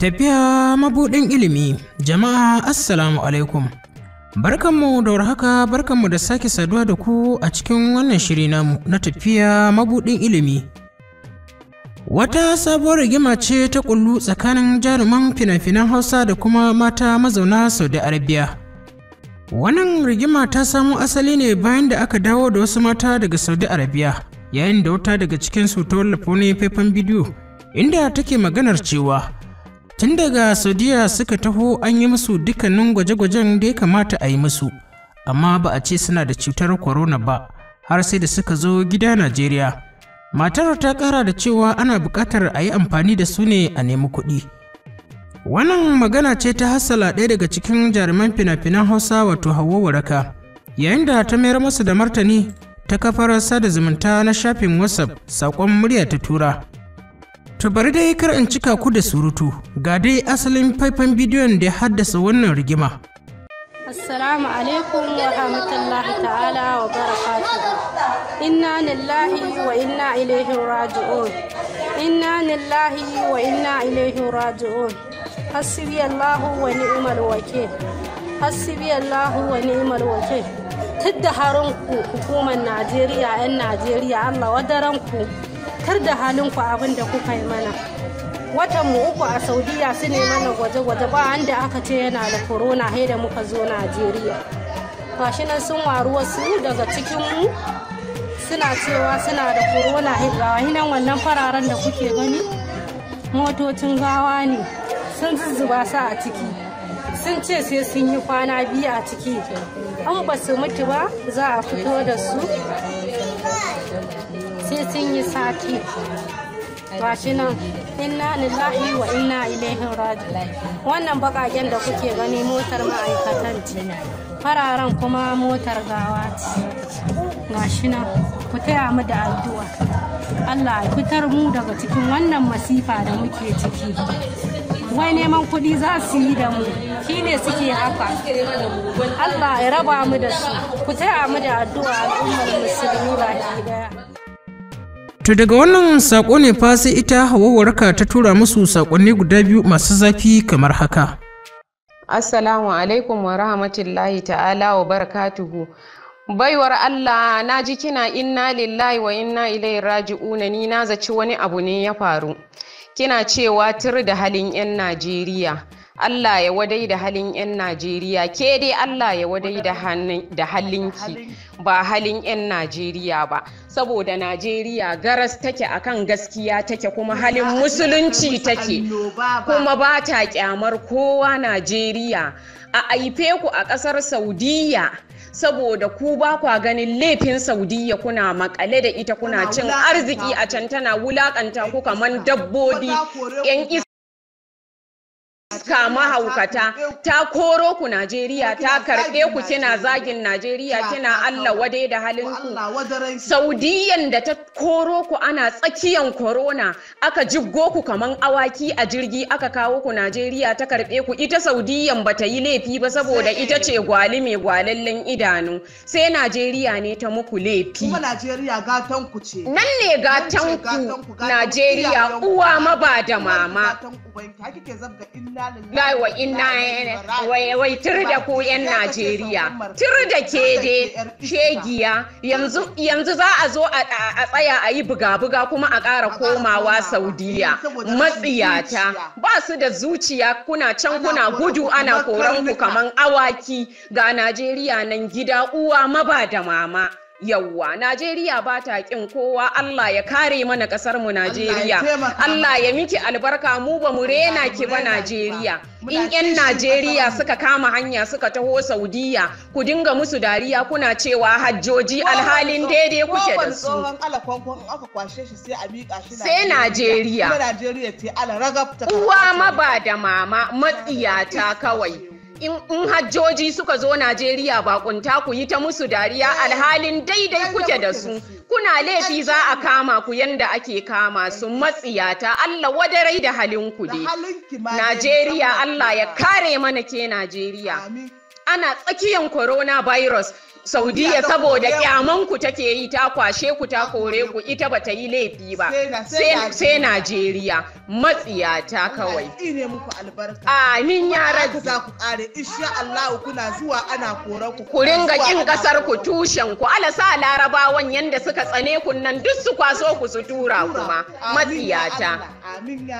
Tafiya mabuɗin ilimi, jama'a Assalamu alaikum. Barkanmu da warhaka, barkanmu da sake saduwa da ku a cikin wannan shiri namu na tafiya mabuɗin ilimi. Wata sabuwar rigima ce ta kullu tsakanin jaruman fina-finan Hausa da kuma mata mazauna Saudi Arabia. Wannan rigima ta samo asali ne bayan da aka dawo da wasu mata daga Saudi Arabia, yayin da wata daga cikin ta wallafa wani faifan bidiyo inda take maganar cewa tun daga saudiya suka taho an yi musu dukkanin gwaje-gwajen da ya kamata a yi musu amma ba a ce suna da cutar corona ba har sai da suka zo gida najeriya matar ta kara da cewa ana bukatar a yi amfani da su ne a nemi kuɗi wannan magana ce ta hassala ɗaya daga cikin jaruman fina-finan hausa wato hawa waraka yayin da ta mayar masu da martani ta kafar sada zumunta na shafin whatsapp saƙon murya ta tura To bari dai kar in cika ku da surutu ga dai asalin faifan bidiyon da ya haddasa wannan rigima. Assalamu alaikum wa rahmatullahi ta'ala wa barakatu. Inna lillahi wa inna ilaihi raji'un. Inna lillahi wa inna ilaihi raji'un. Hasbi Allahu wa ni'mal wakil. Hasbi Allahu wa ni'mal wakil. Tidda harunku hukumar Najeriya 'yan Najeriya Allah wadaranku. ku. tar da halin ku abin da kuka yi mana watan mu uku a saudiya su ne mana gwaje-gwaje ba da aka ce yana da corona hai da muka zo najeriya gashi nan sun waru wasu daga cikin mu suna cewa suna da corona hai gawa nan wannan fararen da kuke gani motocin gawa ne sun zuzzuba sa a ciki sun ce sai sun yi kwana biyu a ciki an ba su mutu ba za a fito da su sai sun yi sati gashi nan inna lillahi wa inna ilaihi raji'un wannan bakaken da kuke gani motar ma'aikatan ce fararen kuma motar gawa ce gashi nan ku taya mu da addu'a Allah ya fitar mu daga cikin wannan masifa da muke ciki wai neman kuɗi za su yi da mu ne suke haka Allah ya raba mu da su ku taya mu da addu'a al'ummar musulmi baki daya To daga wannan saƙo ne fa sai ita hawawarka ta tura musu saƙonni guda biyu masu zafi kamar haka. Assalamu alaikum wa rahmatullahi ta'ala wa barakatuhu. Baiwar Allah na ji kina inna lillahi wa inna Raji'u raji'una ni na zaci wani abu ne ya faru. Kina cewa tur da halin 'yan Najeriya. Allah ya wadai da halin 'yan Najeriya ke dai Allah ya wadai da halinki ba halin 'yan Najeriya ba saboda Najeriya garas take akan gaskiya take kuma halin musulunci take kuma ba ta kyamar kowa Najeriya a aife ku a ƙasar Saudiya saboda ku ba kwa ganin laifin saudiya kuna makale da ita kuna cin arziki a can tana wulakanta ku kamar dabbobi yan iska mahaukata ta koro ku Najeriya ta karɓe ku kina zagin Najeriya kina Allah wadai da halin ku Saudiyan da ta koro ku ana tsakiyan corona aka jiggo ku kaman awaki a jirgi aka kawo ku Najeriya ta karɓe ku ita Saudiyan ta yi laifi ba saboda ita ce gwali mai gwalallen idanu sai Najeriya ne ta muku laifi kuma Najeriya gatan ku ce nan ne gatan ku Najeriya uwa ba da mama na wa inna wai da ku yan Najeriya tir da ke de yanzu za a zo a tsaya a yi buga-buga kuma a ƙara komawa Saudiya matsiyata ba su da zuciya kuna can kuna gudu ana koranku ku kaman awaki ga Najeriya nan gida uwa maba da mama yawwa Najeriya ba ta kin kowa Allah ya kare mana kasar mu Najeriya Allah ya miki albarka mu ba mu rena ki ba Najeriya in yan Najeriya suka kama hanya suka taho Saudiya ku dinga musu dariya kuna cewa hajjoji alhalin daidai kuke da su sai Najeriya uwa ma ba da mama matsiyata kawai in hajjoji suka zo Najeriya bakunta ku yi ta musu dariya eh, alhalin daidai kuke da su kuna laifi za a kama ku yanda ake kama su eh. matsiyata Allah wadarai da halin ku dai Najeriya Allah ya kare mana ke Najeriya ana tsakiyan coronavirus saudiya saboda kyaman ku take yi ta kwashe ku ta ah. kore ku ita ba ta yi laifi ba sai najeriya matsiyata kawai ne muku albarka amin za ku kare insha Allah kuna zuwa ana kore ku ku ringa kin kasar ku tushen ku alasa larabawan yanda suka tsane kun duk su kwaso ku su tura kuma matsiyata amin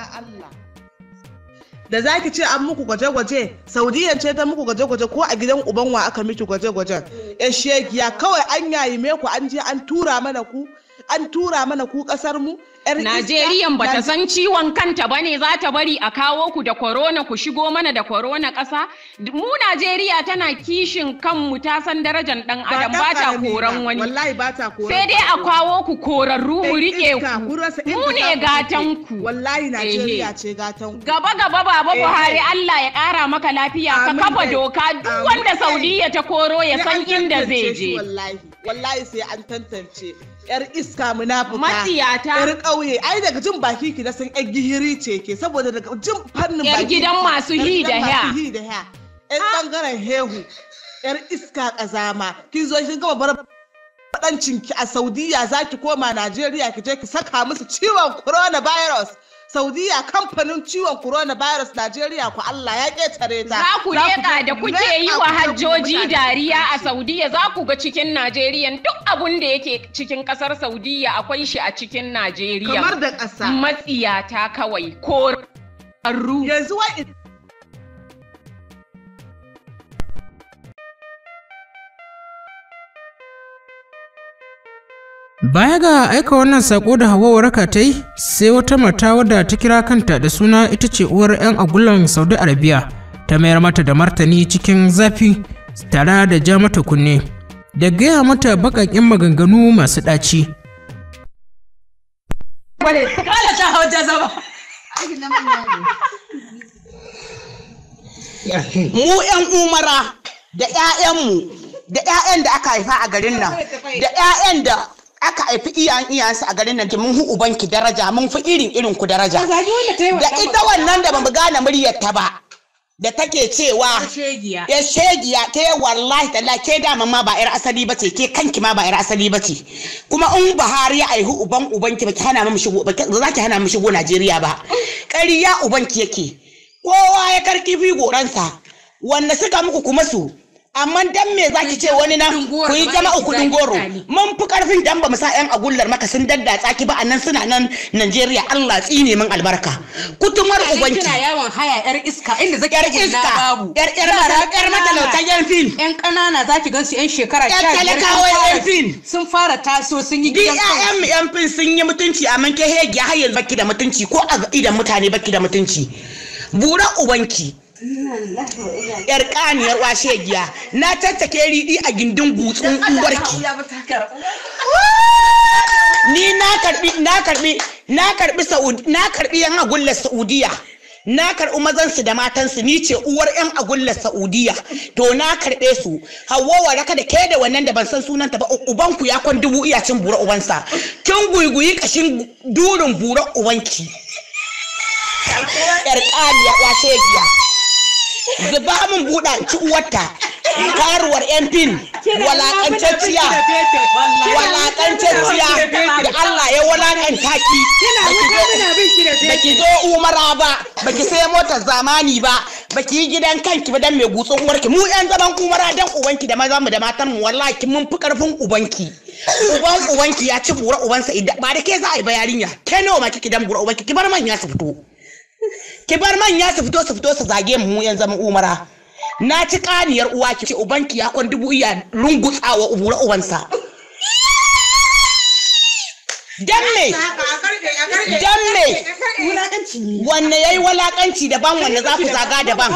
da za ki ce an muku gwaje-gwaje saudiya ce ta muku gwaje-gwaje ko a gidan ubanwa aka miki gwaje-gwajen ya eh, shegiya kawai an yayi me ku an je an tura mana ku an tura mana ku kasar mu Najeriyan bata san ciwon kanta ba ne za ta bari a kawo ku da korona ku shigo mana da korona ƙasa. Mu Najeriya tana kishin kanmu ta san darajar ɗan adam ba ta koran wani. Wallahi ba ta koran. Sai dai a kawo ku korarru mu riƙe ku. Mu ne gatan ku. Wallahi Najeriya ce gatan ku. Gaba gaba baba Buhari Allah ya ƙara maka lafiya ka kafa doka duk wanda Saudiya ta koro ya san inda zai je. Wallahi. wallahi sai an tantance yar iska munafuka matiyata. yar ƙauye ai daga jin baki ki na san yar gihiri ce ke saboda daga jin fannin baki yar gidan masu hi da ha yar bangaren hehu yar iska kazama kin zo kin gaba bar ki a Saudiya zaki koma Najeriya ki je ki saka musu ciwon coronavirus Saudiya kamfanin ciwon Corona Virus, Najeriya ku Allah ya ƙetare ta. Za ku leƙa da kuke yi wa hajjoji dariya a Saudiya za ku ga cikin Najeriya duk abun da yake cikin ƙasar Saudiya akwai shi a cikin Najeriya. Kamar da ƙasa. ta kawai ko Yanzu wa'in Baya ga aika wannan sako da hawa waraka ta yi, sai wata mata wadda ta kira kanta da suna ita ce uwar 'yan agulan Saudi Arabia ta mayar mata da martani cikin zafi tare da ja mata kunne, da gaya mata bakakin maganganu masu ɗaci. Mu 'yan umara da 'ya'yanmu da 'ya'yan da aka haifa a garin nan da 'ya'yan da aka haifi iyayen iyayensu a garin nan ki mun hu ubanki daraja mun fi irin irin ku daraja da ita wannan da bamu gane muryar ta ba da take cewa ya shegiya ke wallahi talla ke dama ma ba 'yar asali bace ke kanki ma ba 'yar asali bace kuma in Buhari ya aihu uban ubanki baki hana mu shigo ba za ki hana mu shigo Najeriya ba kariya ubanki yake kowa ya karki bi goransa wanda suka muku kuma su amma dan me zaki ce wani nan ku yi kudin goro mun fi karfin dan ba mu sa yan agullar maka sun dadda tsaki ba anan suna nan Najeriya Allah tsine min albarka kutumar ubanki kina yawon haya yar iska inda zaki yar iska yar yar yar matalautan yan fil. yan kanana zaki gan su yan shekara 15 yan talakawa yan fil. sun fara taso sun yi gidan kansu yan fin sun yi mutunci amma ke hege har yanzu baki da mutunci ko a idan mutane baki da mutunci bura ubanki yar kaniyar washe giya na tattake riɗi a gindin gutsun uwarki ni na karbi na karbi na karbi saudi na karbi yan agullar saudiya na karbi su da su ni ce uwar yan agullar saudiya to na karbe su hawa waraka da ke da wannan da ban san sunanta ba ku ya kon dubu iya cin bura ubansa kin guyguyi kashin durin bura ubanki yar kaniya washe giya zuba min buɗa uwarta karuwar yan fin walakancacciya walakancacciya da Allah ya walakanta ki baki zo umara ba baki sai motar zamani ba baki yi gidan kanki ba dan mai gutsun uwarki mu yan zaman umara dan ubanki da maza mu da matan mu wallahi mun fi karfin ubanki uban ubanki ya ci bura ubansa idan ba da ke za a yi ba yarinya ke nawa ma kike dan bura ubanki ki bar manya su fito ki bar manya su fito su fito su zage mu yan zama umara na ci kaniyar uwa ki ce ubanki ya kwan dubu iya rungutsawa ubura ubansa dan me dan me wanne yayi walakanci daban wanne za ku zaga daban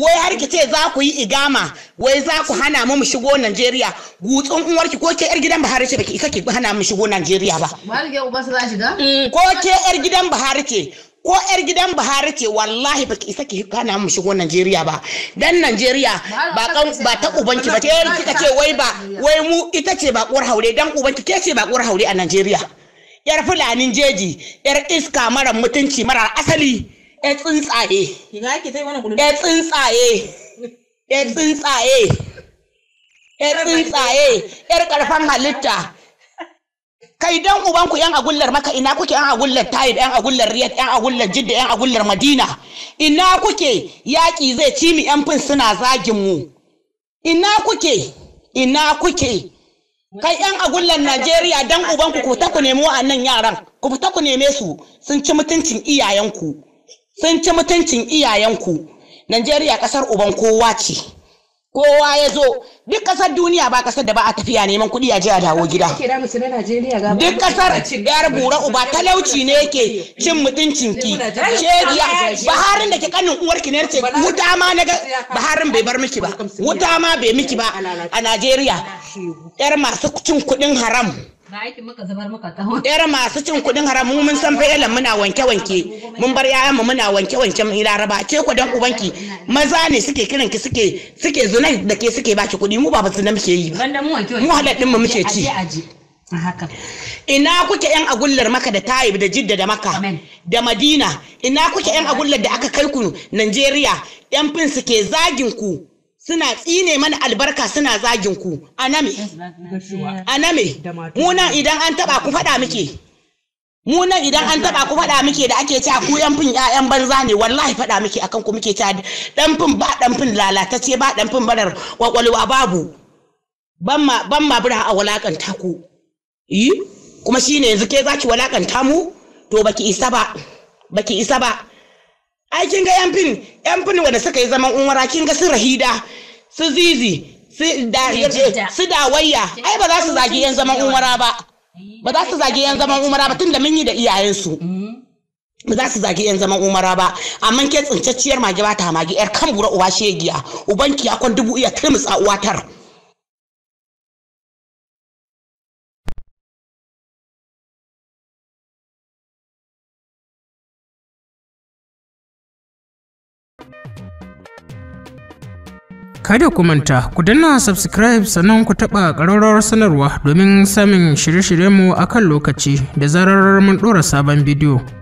wai har ki ce za ku yi igama wai za ku hana mu mu shigo Najeriya gutsun uwar ki ko ke yar gidan Buhari ce baki isa ki hana mu shigo Najeriya ba mm, ko ke yar gidan Buhari ce ko yar gidan Buhari ce wallahi baki isa ki kana mu shigo Najeriya ba dan Najeriya ba kan ba ta ubanki ba yar kika ce wai ba wai mu ita ce bakuwar haure dan ubanki ke ce bakuwar haure a Najeriya yar fulanin jeji yar iska mara mutunci mara asali yar tsuntsaye yar tsuntsaye yar tsuntsaye yar tsuntsaye yar karfan halitta kai dan ubanku yan agullar maka ina kuke yan agullar tayib yan agullar riyad yan agullar jidda yan agullar madina ina kuke yaƙi zai ci mu yan fin suna zagin mu ina kuke ina kuke kai yan agullar najeriya dan ubanku ku ta ku nemi wa'annan yaran ku fita ku neme su sun ci mutuncin iyayenku sun ci mutuncin iyayenku najeriya kasar uban kowa ce kowa ya zo duk kasar duniya ba kasar da ba a tafiya neman kuɗi a jiya dawo gida duk kasar yar bura uba talauci ne yake cin mutuncin ki shegiya baharin da ke kanin uwar ki ne ce wuta ma na ga baharin bai bar miki ba wuta ma bai miki ba a najeriya yar masu cin kuɗin haram Yar masu cin kuɗin haram mu mun san fa'ilan muna wanke-wanke mun bar yayan mu muna wanke-wanke mun laraba ce ku dan ubanki maza ne suke kiran ki suke suke zunai da ke suke baki kuɗi mu ba ba zunai muke yi ba. mu wanke Mu mu muke ci. Ina kuke yan agullar maka da Taib da Jidda da Maka da Madina ina kuke yan agullar da aka kai ku Najeriya yan fin suke zagin ku. suna tsine mana albarka suna zagin ku aname aname mu idan an taba ku faɗa muke munan idan an taba ku faɗa muke da ake cewa ku yan fin ƴaƴan banza ne wallahi faɗa muke akan ku muke cewa dan fin ba dan fin lalatacce ba dan fin barar kwakwalwa babu ban ma ban ma bura a walakanta ku yi kuma shine yanzu ke zaki walakanta mu to baki isa ba baki isa ba ai kin ga yanfin yanfin wanda suka yi zaman umara kin ga su rahida su zizi su dawayya ai ba za su zagi yan zaman umara ba ba za su zagi yan zaman umara ba tunda mun yi da iyayensu ba za su zagi yan zaman umara ba amma ke tsintacciyar mage bata ta mage yar kan bura uwa shegiya uban ya akon dubu iya turmus a uwatar. kada ku manta ku danna subscribe sannan ku taɓa ƙararrawar sanarwa domin samun shirye-shiryenmu a kan lokaci da zarar mun ɗora sabon bidiyo